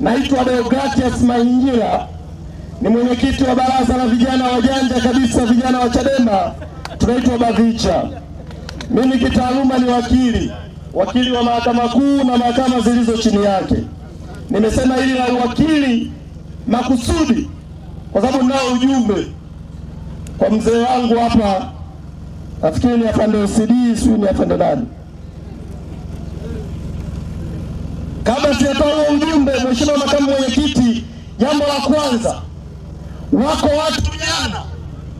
Naitwa Deogratias Maingira, ni mwenyekiti wa baraza la vijana wajanja kabisa, vijana wa Chadema tunaitwa BAVICHA. Mimi kitaaluma ni wakili, wakili wa mahakama kuu na mahakama zilizo chini yake. Nimesema hili la uwakili makusudi kwa sababu ninao ujumbe kwa mzee wangu hapa, nafikiri ni afande OCD, sijui ni afande nani Kabla sijatoa ujumbe, Mheshimiwa Makamu Mwenyekiti, jambo la kwanza, wako watu jana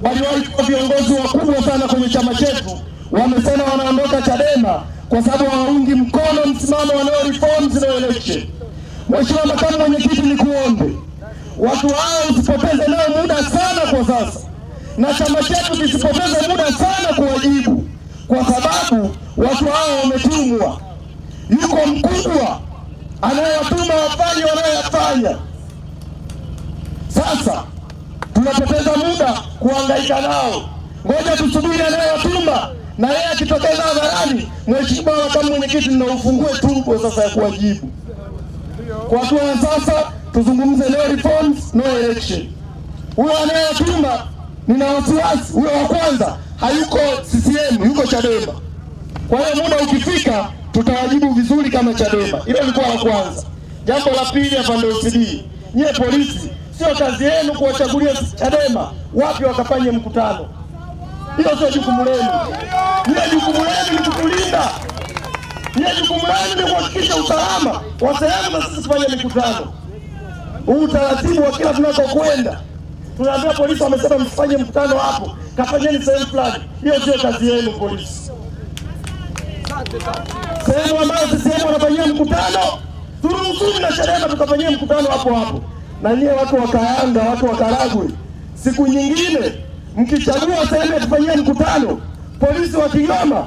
waliwahi kuwa viongozi wakubwa sana kwenye chama chetu, wamesema wanaondoka Chadema kwa sababu hawaungi mkono msimamo wa no reforms no election. Mheshimiwa Makamu Mwenyekiti, kuombe watu hao usipoteze nao muda sana kwa sasa, na chama chetu kisipoteze muda sana kuwajibu, kwa sababu watu hao wametungwa. Yuko mkubwa anayewatuma wafanye wanayoyafanya. Sasa tunapoteza muda kuhangaika nao, ngoja tusubiri anayewatuma na yeye akitokeza hadharani. Mheshimiwa Makamu Mwenyekiti, naufungue tumbo sasa ya kuwajibu kwa hatua ya sasa. Tuzungumze no reforms no election. Huyo anayewatuma nina wasiwasi, huyo wa kwanza hayuko CCM, yuko Chadema. Kwa hiyo muda ukifika tutawajibu vizuri kama Chadema. Hilo ni la kwanza. Jambo la pili, hapa ndio CD, nyie polisi, sio kazi yenu kuwachagulia Chadema wapi wakafanye mkutano. Hiyo sio jukumu lenu. Nyie jukumu lenu ni kukulinda nyie jukumu lenu ni kuhakikisha usalama wa sehemu na sisi tufanye mikutano. Huu utaratibu wa kila tunakokwenda tunaambia polisi, wamesema msifanye mkutano hapo, kafanyeni sehemu fulani. Hiyo sio kazi yenu polisi sehemu ambayo sisihemu wanafanyia mkutano, turuhusuni na Chadema tukafanyia mkutano hapo hapo. Na nyie watu wa Kaanga, watu wa Karagwe, siku nyingine mkichagua sehemu ya kufanyia mkutano, polisi wa Kigoma,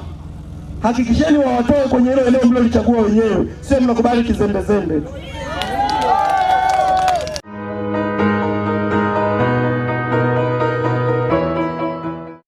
hakikisheni wawatoe kwenye hilo eneo mlilochagua wenyewe, sio mnakubali kizembezembe.